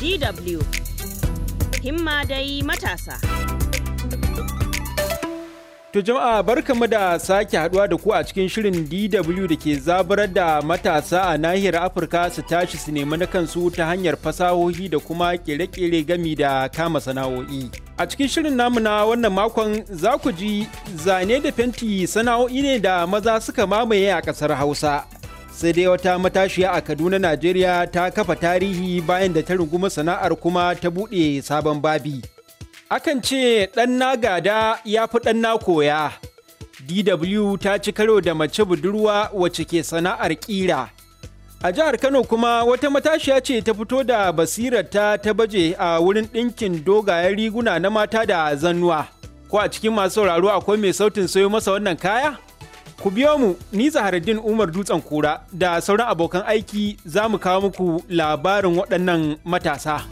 DW himma dai matasa. To jama'a barkamu da sake haduwa da ku a cikin shirin DW da ke zabarar da matasa a nahiyar Afirka su tashi su nemi na kansu ta hanyar fasahohi da kuma kere-kere gami da kama sana'o'i. A cikin shirin namuna wannan makon za ku ji zane da fenti sana'o'i ne da maza suka mamaye a ƙasar Hausa. sai dai wata matashiya a kaduna najeriya ta kafa tarihi bayan da ta runguma sana'ar kuma ta buɗe sabon babi akan ce ɗan na gada ya fi ɗan na koya dw ta ci karo da mace budurwa wacce ke sana'ar ƙira a jihar kano kuma wata matashiya ce ta fito da basirarta ta baje a wurin ɗinkin dogayen riguna na mata da zannuwa ko a cikin masu sauraro akwai mai sautin sayo masa wannan kaya? Ku biyo mu ni Zaharaddin Umar Dutsen Kura da sauran abokan aiki za mu kawo muku labarin waɗannan matasa.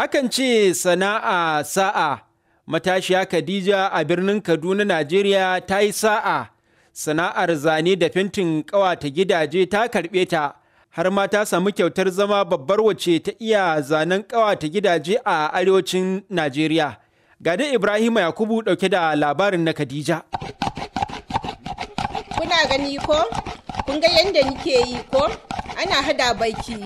Akan ce sana'a sa'a matashiya Khadija a birnin Kaduna, Najeriya ta yi sa'a. sana'ar zane da fintin ƙawata gidaje ta karɓe ta har ma ta samu kyautar zama babbar wace ta iya zanen ƙawata gidaje a arewacin najeriya gada Ibrahim yakubu ɗauke da labarin na khadija kuna gani ko kun ga yadda nike yi ko ana hada baki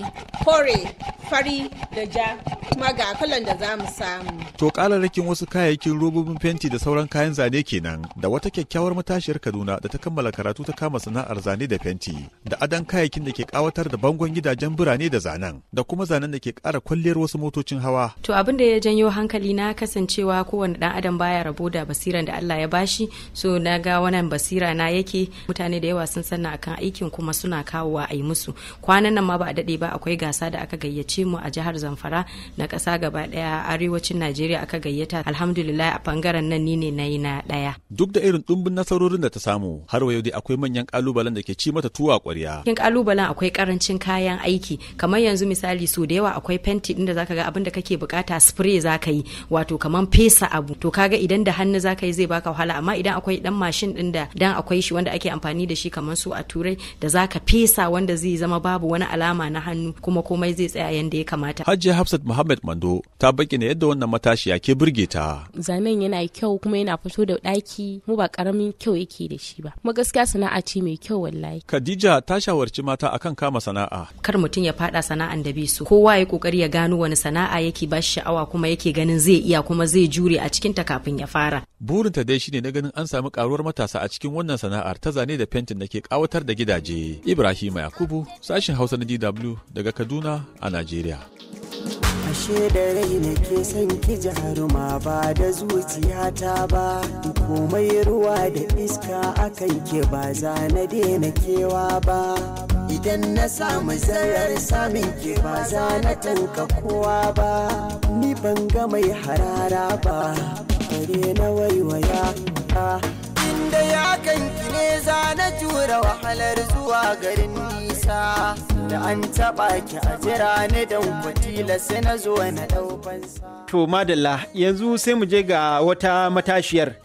kore fari da ja kuma ga kalan da za mu samu to rakin wasu kayayyakin robobin fenti da sauran kayan zane kenan da wata kyakkyawar matashiyar kaduna da ta kammala karatu ta kama sana'ar zane da fenti da adan kayayyakin da ke kawatar da bangon gidajen birane da zanen da kuma zanen da ke kara kwalliyar wasu motocin hawa to abin da ya janyo hankali na kasancewa kowane dan adam baya rabo da basiran da Allah ya bashi so na ga wannan basira na yake mutane da yawa sun sanna akan aikin kuma suna kawowa a yi musu kwanan nan ma ba a daɗe ba akwai gasa da aka gayyace mu a jihar zamfara na kasa gaba ɗaya arewacin najeriya aka gayyata alhamdulillah a bangaren nan ni ne na yi na daya. duk da irin ɗumbin nasarorin da ta samu har wa dai akwai manyan kalubalen da ke ci mata tuwa ƙwariya. cikin kalubalen akwai karancin kayan aiki kamar yanzu misali so da yawa akwai fenti ɗin da zaka ga abin da kake bukata spray zaka yi wato kamar fesa abu to kaga idan da hannu zaka yi zai baka wahala amma idan akwai dan mashin ɗin da dan akwai shi wanda ake amfani da shi kamar su a turai da zaka fesa wanda zai zama ba babu wani alama na hannu kuma komai zai tsaya yadda ya kamata. Hajiya Hafsat Muhammad Mando ta bayyana yadda wannan matashiya ke burge ta. Zanen yana kyau kuma yana fito da ɗaki mu ba ƙaramin kyau yake da shi ba. Kuma gaskiya sana'a ce mai kyau wallahi. Khadija ta shawarci mata akan kama sana'a. Kar mutum ya faɗa sana'an da bai so. Kowa ya kokari ya gano wani sana'a yake ba sha'awa kuma yake ganin zai iya kuma zai jure a cikin ta kafin ya fara. Burinta dai shine na ganin an samu karuwar matasa a cikin wannan sana'ar ta zane da fentin da ke kawatar da gidaje. Ibrahim Yakubu, sashi sashen Hausa na DW daga Kaduna a Najeriya. Ashe da rai ke son ki jaruma ba da zuciyata ba, komai ruwa da iska akan ke ba za na daina kewa ba. Idan na samu zarar samun ke ba za na tanka kowa ba, ni ban ga mai harara ba, kare na waiwaya. da wahalar zuwa garin nisa da an taɓa ki a jira ni don kwatila sai na zo na ɗaukansa. To madalla yanzu sai mu je ga wata matashiyar.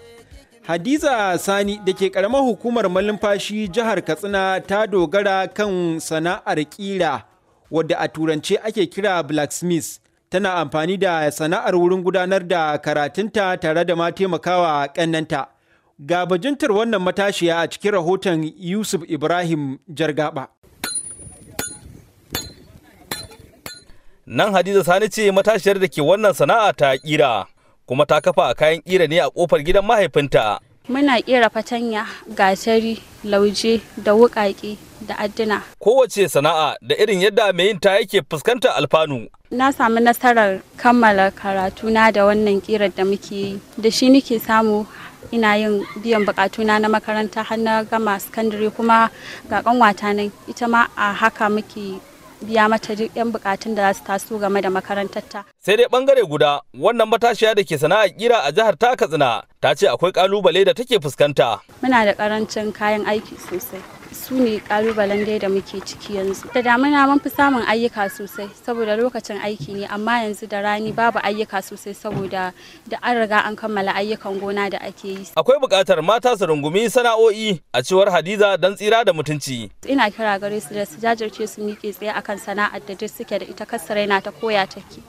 Hadiza Sani da ke ƙaramar hukumar malumfashi jihar Katsina ta dogara kan sana'ar ƙira wadda a turance ake kira blacksmith. Tana amfani da sana'ar wurin gudanar da karatunta tare da ma taimakawa ƙannanta. Ga bajintar wannan matashiya a cikin rahoton Yusuf Ibrahim Jargaba. Nan Hadiza Sani ce matashiyar da ke wannan sana'a ta kira, kuma ta kafa a kayan kira ne a kofar gidan mahaifinta. Muna kira fatanya, gatari, lauje da wuƙaƙe da adduna. Kowace sana'a da irin yadda mai ta yake fuskanta alfanu. Na sami nasarar kammala karatu na da wannan ƙirar da muke yi, da shi nake samu ina yin biyan bukatuna na makaranta har na gama sakandare kuma ga kanwata nan ita ma a haka muke biya mata duk 'yan bukatun da za su taso game da makarantarta. Sai dai bangare guda wannan matashiya da ke sana'a kira a jihar ta Katsina ta ce akwai kalubale da take fuskanta. Muna da karancin kayan aiki sosai. su ne kalubalen dai da muke ciki yanzu da damina mun fi samun ayyuka sosai saboda lokacin aiki ne amma yanzu da rani babu ayyuka sosai saboda da an riga an kammala ayyukan gona da ake yi akwai buƙatar mata su rungumi sana'o'i a cewar hadiza dan tsira da mutunci ina kira gare su da su jajirce su miƙe tsaye akan sana'ar da duk suke da ita kasar na ta koya take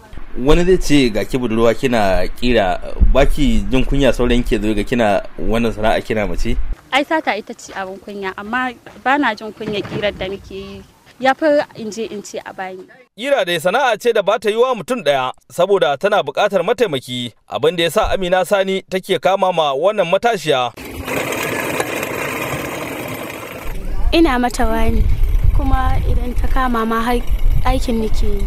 wani zai ce ga ki budurwa kina kira baki jin kunya sauran ke zo ga kina wannan sana'a kina mace ai sata ita ce abin kunya amma ba na jin kunya kirar da muke yi ya fi in je in ce a bani. Kira dai sana'a ce da ba ta yi wa mutum ɗaya saboda tana buƙatar mataimaki abin da ya sa Amina Sani take kama ma wannan matashiya. Ina mata wani kuma idan ta kama ma aikin nake yi.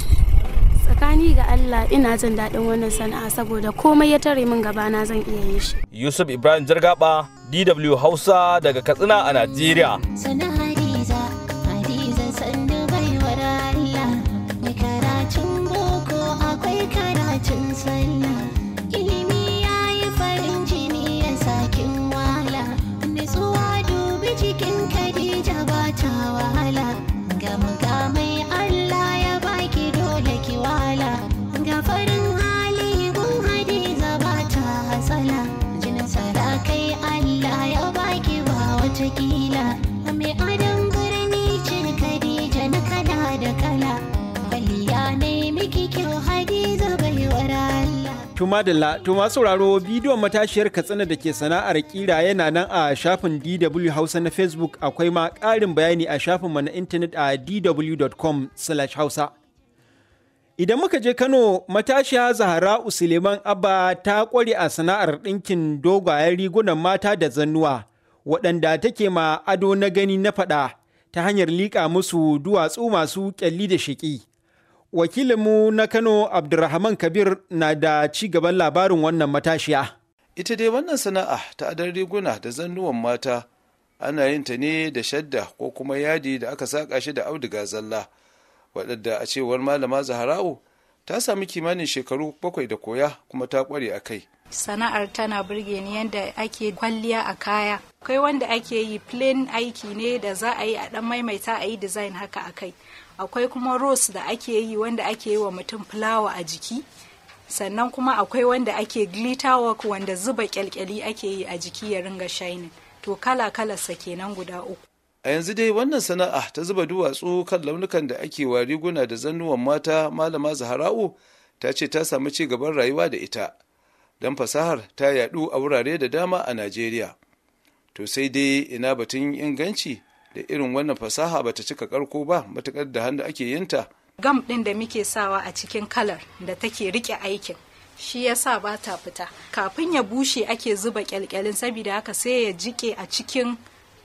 tsakani ga Allah ina jin daɗin wannan sana'a saboda komai ya tare min gaba na zan iya yi shi. Yusuf Ibrahim Jirgaba DW Hausa daga Katsina a Najeriya. watakila mai adon birni ce na da kala kwalliya ne miki kyau hadiza baiwar sauraro bidiyon matashiyar Katsina da ke sana'ar kira yana nan a shafin DW Hausa na Facebook akwai ma ƙarin bayani a shafinmu na intanet a dw.com/hausa. Idan muka je Kano, matashiya Zahara Suleiman Abba ta kware a sana'ar ɗinkin dogayen rigunan mata da zannuwa, waɗanda take ma ado na gani na faɗa ta hanyar liƙa musu duwatsu masu ƙyalli da sheƙi. Wakilinmu na Kano Abdulrahman Kabir na da ci gaban labarin wannan matashiya. Ita dai wannan sana'a ta adar riguna da zannuwan mata ana yin ta ne da shadda ko kuma yadi da aka saƙa shi da auduga zalla waɗanda a cewar malama zahara'u ta sami kimanin shekaru bakwai da koya kuma ta ƙware a kai. sana'ar tana burge ni yadda ake kwalliya a kaya kai wanda ake yi plain aiki ne da za a yi a dan maimaita a yi design haka a kai akwai kuma rose da ake yi wanda ake yi wa mutum fulawa a jiki sannan kuma akwai wanda ake glitter work wanda zuba kyalkyali ake yi a jiki ya ringa shining to kala sa kenan guda uku a yanzu dai wannan sana'a ta zuba duwatsu kan launukan da ake wa riguna da zannuwan mata malama zahara'u ta ce ta samu ci gaban rayuwa da ita don fasahar ta yadu a wurare da dama a najeriya to sai dai ina batun inganci da irin wannan fasaha ba ta cika karko ba matukar da hannu ake yinta gam ɗin da muke sawa a cikin kalar da take rike aikin shi ya sa ba ta fita kafin ya bushe ake zuba kyalkyalin saboda haka sai ya jiƙe a cikin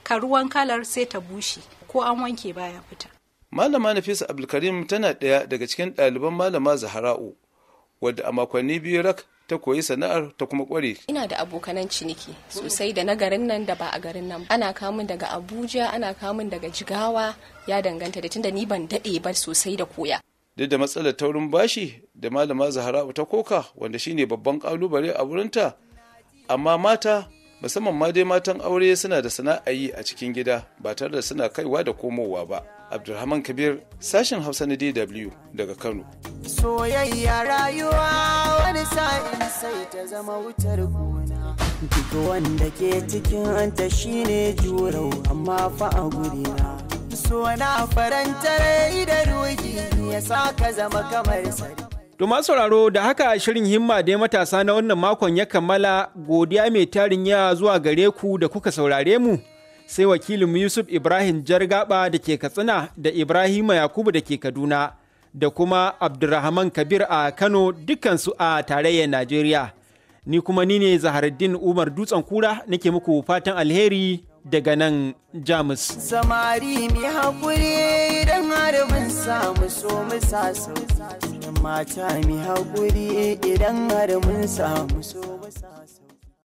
karuwan kalar sai ta bushe ko an wanke baya fita malama nafisa abdulkarim tana ɗaya daga cikin ɗaliban malama zahara'u wadda a makonni biyu rak ta koyi sana'ar ta kuma kware. Ina da abokanan ciniki sosai da na garin nan da ba a garin nan. Ana kamun daga Abuja, ana kamun daga Jigawa, ya danganta da tunda ni ban daɗe ba sosai da koya. Duk da matsalar taurin bashi da malama Zahra'u ta koka wanda shine babban kalubale a wurinta, amma mata musamman ma dai matan aure suna da sana'a yi a cikin gida ba tare da suna kaiwa da komowa ba. Abdulrahman Kabir, sashen Hausa na DW daga Kano. soyayya rayuwa wani sa'in sai ta zama wutar gona duk wanda ke cikin hanta shine jurau amma fa a gurina sona farantare da ruhi ya sa ka zama kamar sari Domin sauraro da haka shirin himma dai matasa na wannan makon ya kammala godiya mai tarin yawa zuwa gare ku da kuka saurare mu. Sai wakilin Yusuf Ibrahim Jargaba da ke Katsina da Ibrahima Yakubu da ke Kaduna. da kuma Abdurrahman Kabir a Kano dukansu a tarayyar Najeriya. Ni kuma ni ne Zaharuddin Umar Dutsen Kura nake muku fatan alheri daga nan Jamus. Samari mai haƙuri idan harbin samu so mu sasu. Mata mai haƙuri idan harbin samu so mu sasu.